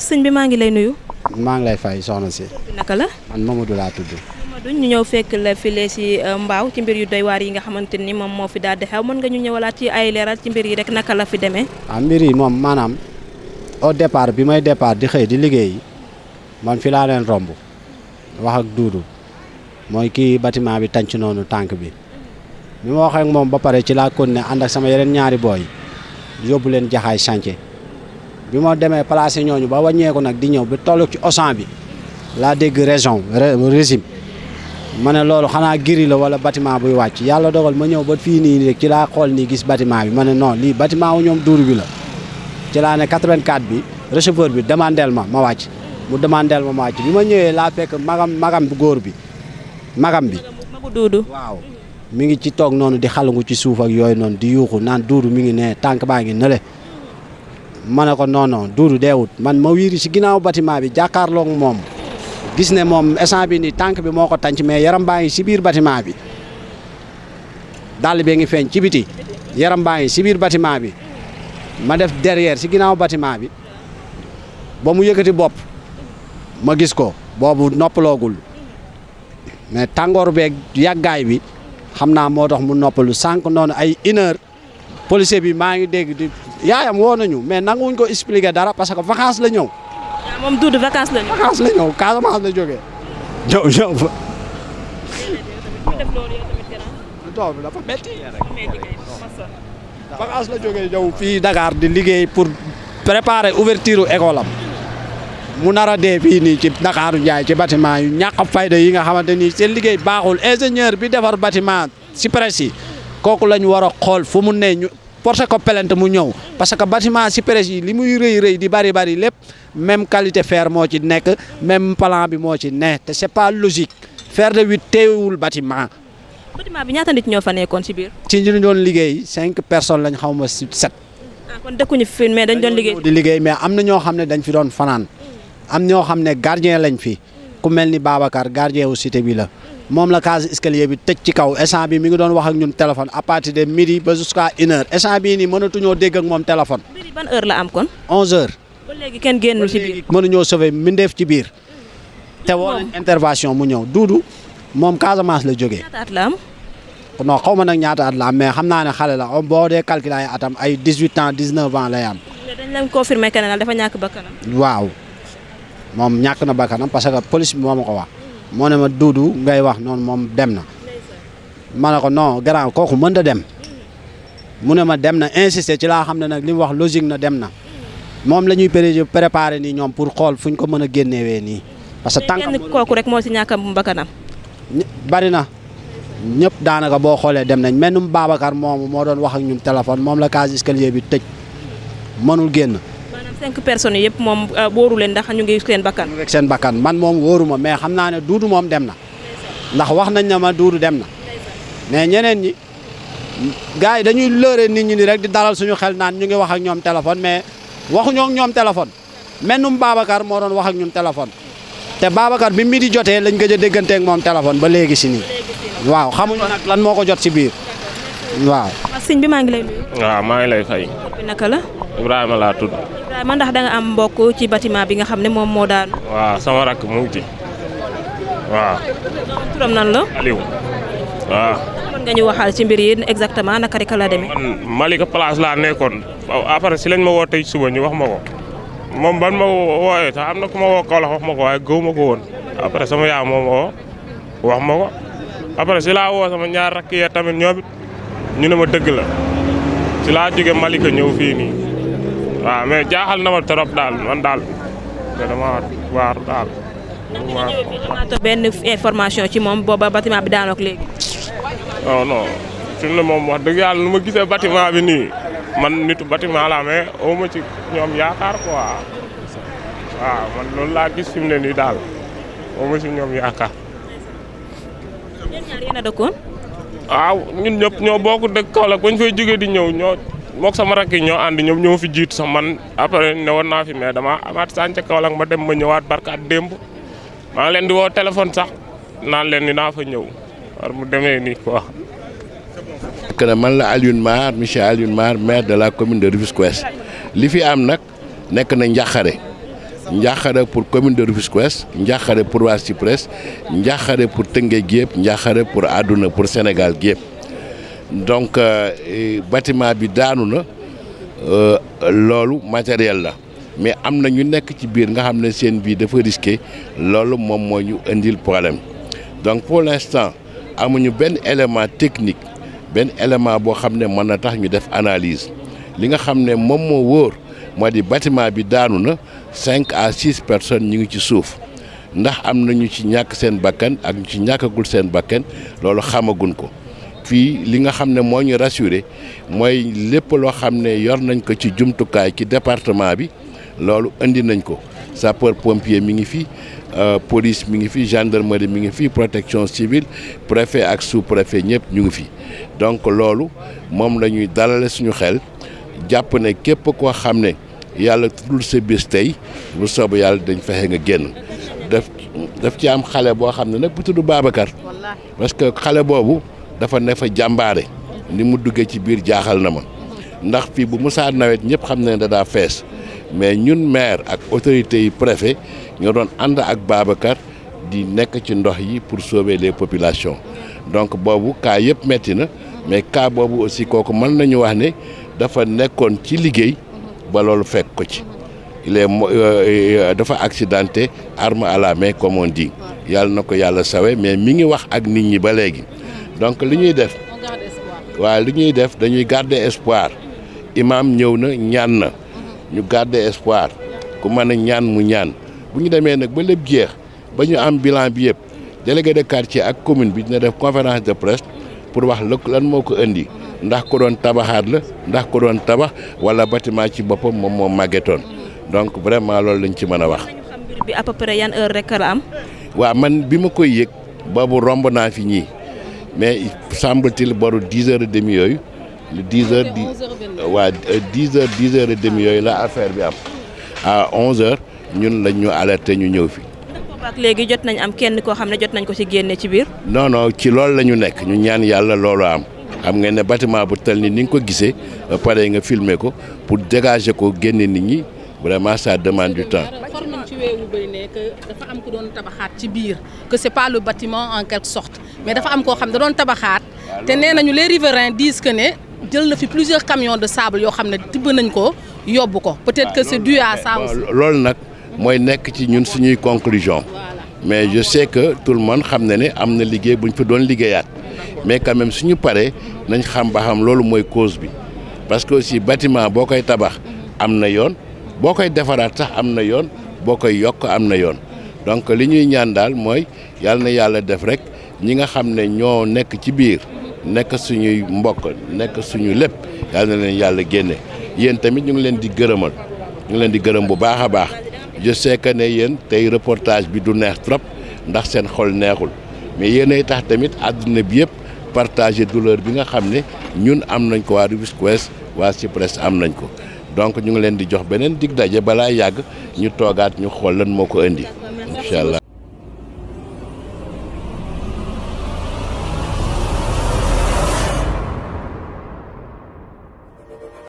sëñ bi maa ngi lay nuyu. maa ngi lay fay soxna si. naka la. man Mamadou laa tudd. Mamadou ñu ñëw fekk la file si euh, mbaaw ci mbir yu doy waar yi nga xamante ni moom moo fi daal di xew mën nga ñu ñëwalaat ci ay leeral ci mbir yi rek naka la fi demee. ah mbir yi moom maanaam au départ bi may départ di xëy di liggéey man fi laa leen romb wax ak Duudu mooy kii bâtiment bi tànc noonu tànk bi bi ma waxee moom ba pare ci laa continué ànd ak sama yeneen ñaari booy yóbbu leen jaxaay chantier. bi ma demee placé ñooñu ba wàññeeku nag di ñëw bi toll ci osan bi laa dégg région régime ma ne loolu xanaa giri la wala bâtiment buy wàcc yàlla dogal ma ñëw ba fii nii rek ci laa xool ni gis bâtiment bi ma ne non lii bâtiment wu ñoom duur bi la ci laa ne 84 bi receveur bi demandel ma ma wàcc mu demandeel ma ma wàcc bi ma ñëwee laa fekk magam magam góor bi magam bi waaw mi ngi ci toog noonu di xalangu ci suuf ak yooyu noonu di yuuxu nan duudu mi ngi ne tànk baa ngi nële ma ne ko non non duudu deewut man ma wiiri si ginnaaw bâtiment bi jàkkaarloog moom gis ne moom instant bi ni tànk bi moo ko tànc mais yaram baa ngi si biir bâtiment bi dàll bee ngi feeñ ci biti yaram baa ngi si biir bâtiment bi ma def derrière si ginnaaw bâtiment bi ba mu yëkkati bopp ma gis ko boobu noppaloogul mais tàngoor beeg yàggaay bi xam naa moo tax mu noppalu sànq noonu ay une heure bi maa ngi dégg di yaayam woo nañu mais nanguwuñ ko expliquer dara parce que vacances la ñëw. Ah, moom Doudou la ñëw. vacances la ñëw Casamance la jógee. ñëw ñëw fa. doom dafa di liggéey pour préparer ouvertir école am mu nara a dee fii nii ci Ndakaaru Njaay ci bâtiment yu ñàkk fayda yi nga xamante ni seen liggéey baaxul ingénieur bi defar bâtiment si presse yi kooku lañ war a xool fu mu ne ñu porté ko plainte mu ñëw parce que bâtiment CIPRES yi li muy rëy rëy di bari bari lépp même qualité fer moo ci nekk même plan bi moo ci ne te c'est pas logique fer de huit teewul bâtiment. bâtiment bi ñaata nit ñoo fa nekkoon si biir. ci ñu doon liggéey cinq personnes lañ xaw ma si sept. ah kon dëkkuñu fi mais dañ doon liggéey. di liggéey mais am na ñoo xam ne dañ fi doon fanaan am ñoo xam ne gardien lañ fi ku mel ni Babacar gardien wu cité bi la. moom la case escalier bi tëj ci kaw instant bi mi ngi doon wax ak ñun téléphone à partir de midi ba jusqu'à une heure instant bii nii mënatuñoo dégg moom téléphone. midi ban heure la am kon. 11h. ba léegi kenn génnul ci biir mënuñoo sauver mbindeef ci biir. te woo intervention mu ñëw duudu moom Casamance la jóge ñaata at la am. xaw ma nag ñaata at la am mais xam naa ne xale la boo dee calculer ay atam ay 18 ans 19 ans lay am. dañ leen confirmer ñàkk bakkanam. waaw moom ñàkk na bakkanam parce que police bi moo ma ko wax. moo ne ma duudu ngay wax noonu moom dem na ma ne ko non grand kooku mën da dem mu ne ma dem na insister ci laa xam ne nag li mu wax logique na dem na moom la ñuy préparé nii ñoom pour xool fu ñu ko mën a génnewee nii. parce que tànk kooku rek moo si ñàkk bakkanam bari na ñëpp daanaka boo xoolee dem nañ mel ni Babacar moomu moo doon wax ak ñun téléphone moom la casier escalier bi tëj mënul génn. cinq personnes yëpp moom euh, wóoru leen ndax ñu ngi seen bakkan. ñu ngi seen bakkan man moom wóoru ma mais xam naa ne duudu moom dem na ndax wax nañ ne ma duudu dem na mais ñeneen ñi gars yi dañuy lëre nit ñi ni rek di dalal suñu xel naan ñu ngi wax ak ñoom téléphone mais waxuñoo ak ñoom téléphone mennum Babacar moo doon wax ak ñun téléphone te Babacar bi mi di jotee lañ gëj a déggante ak moom téléphone ba léegi si nii waaw xamuñu lan moo ko jot si biir waaw. sëñ bi maa ngi lay waaw maa ngi lay fay. naka la. tudd. Ibrahima ndax da am mbokk ci bâtiment bi nga xam ne moom moo daanu. waaw sama rakk mu ngi ci waaw. turam nan la. Aliou waaw. mën nga ñu waxal ci mbir yi exactement naka rek la demee. man Malika place laa nekkoon après si lañ ma woo tey suba ñu wax ma ko moom ban ma wooyee sax na ku ma woo Kaolack wax ma ko waaye gëw ma ko woon après sama yaa moom woo wax ma ko après si ñaar rakk yee tamit ñu ne ma dëgg la si Malika ñëw fii waaw mais jaaxal na ma trop daal man daal te dama waar daal. ndax bi nga ñëwee fii amaatoo benn information ci moom booba bâtiment bi léegi. Oh, non non moom wax dëgg nu ma gisee bâtiment nii man nitu bâtiment la mais ci ñoom yaakaar quoi waaw man loolu laa gis fi mu daal aw ci ñoom yaakaar. di ñëw ñoo. mook sama rakk yi ñoo ànd ñoom ñoo fi jiitu sax man après ne woon naa fi mais dama amaat sànca Kaolack ma dem ma ñëwaat barkaat démb maa leen di woo téléphone sax naan leen ni naa fa ñëw war mu demee nii quoi. que man la Alioune Mar monsieur Alioune Mar maire de la commune de Rufisque li fi am nag nekk na njàqare njàqare pour commune de Rufisque njàqare pour waa Cyprès njàqare pour Tëngéej gi yëpp njàqare pour àdduna pour Sénégal gi donc euh, bâtiment bi daanu na euh, loolu matériel la mais am na ñu nekk ci biir nga xam ne seen vie dafa risqué loolu moom moo ñu indil problème donc pour l'instant amuñu benn élément technique benn élément boo xam ne mën na tax ñu def analyse li nga xam ne moom moo wóor moo di bâtiment bi daanu na cinq à six personnes ñu ngi ci suuf ndax am na ñu ci ñàkk seen bakkan ak ñu ci ñàkkagul seen bakkan loolu xamagun ko fii li nga xam ne moo ñu rassuré mooy lépp loo xam ne yor nañ ko ci jumtukaay ci département bi loolu indi nañ ko sapeur pompier mi ngi fi euh, police mi ngi fi gendarmerie mi ngi fi protection civile préfet ak sous préfet ñëpp ñu ngi fi donc loolu moom la ñuy dalale suñu xel jàpp ne képp koo xam ne yàlla tuddul sa bis tey bu soobu yàlla dañ fexe nga génn daf ci am xale boo xam ne nag bu tudd Babacar parce xale boobu dafa ne fa jàmbaare ni mu duggee ci biir jaaxal na ma ndax fii bu musaa nawet ñëpp xam ne da daa fees mais ñun maire ak autorités yi préfet ñoo doon ànd ak Babacar di nekk ci ndox yi pour sauver les populations donc boobu cas yëpp metti na mais kaa boobu aussi kooku mën nañu wax ne dafa nekkoon ci liggéey ba loolu fekk ko ci il est euh, euh, dafa accidenté arme à la main comme yàlla na ko yàlla sawe mais mi ngi wax ak nit ñi ba léegi donc li ñuy def waa li ñuy def dañuy garder espoir imaam ñëw na ñaan na mhm. ñu garder espoir ku mën a ñaan mu ñaan bu ñu demee nag ba lépp jeex ba ñu am bilan bi yëpp délégué de quartier ak commune bi na def conférence de presse pour wax lëkk lan moo ko indi mhm. ndax ko doon tabaxaat la ndax ko doon tabax wala bâtiment ci boppam moom moo màggetoon mhm. donc vraiment loolu lañ ci mën a wax. bi waaw man bi ma koy yëg boobu romb naa fi ñii. mais semble-t-il boru dix heures et demie yooyu dix heures di waa euh, dix heures dix heures et yooyu la affaire bi am à onze heures ñun lañ ñu alerté ñu ñëw fi léegi jot nañ am kenn koo xam ne jot nañ ko ci génne ci biir non non ci loolu la ñu nekk ñu ñaan yàlla loolu am xam nga ne bâtiment bu tel ni ni ko gisee pare nga filmer ko pour dégager ko génne nit ñi vraiment ça demande du temps dafa am ku doon tabaxaat ci biir que c'est pas le bâtiment en quelque sorte mais dafa am koo xam da doon tabaxaat te nee nañu les riverains disent que ne jël na fi plusieurs camions de sable yoo xam ne tibb nañ ko yóbbu ko peut-être que c'est dû à ça loolu nag mooy nekk ci ñun suñuy conclusion mais je sais que tout le monde xam ne ne am na liggéey bu ñu fa doon liggéeyaat mais quand suñu paree nañ xam ba xam loolu mooy cause bi parce que aussi bâtiment boo koy tabax am na yoon boo koy defaraat sax am na yoon boo koy yokk am na yoon donc li ñuy ñaan daal mooy yàlla na yàlla def rek ñi nga xam ne ñoo nekk ci biir nekk suñuy mbokk nekk suñu lépp yàlla na leen yàlla génne yéen tamit ñu ngi leen di gërëmal ñu ngi leen di gërëm bu baax a baax je sais que ne yéen tey reportage bi du neex trop ndax seen xol neexul mais yéenay tax tamit àdduna bi yëpp partager douleur bi nga xam ne ñun am nañ ko waa Rufisque Ouest waa Sipres am nañ ko donc ñu ngi leen di jox beneen dig daje balaa yàgg ñu toogaat ñu xool lan moo ko indi incha allah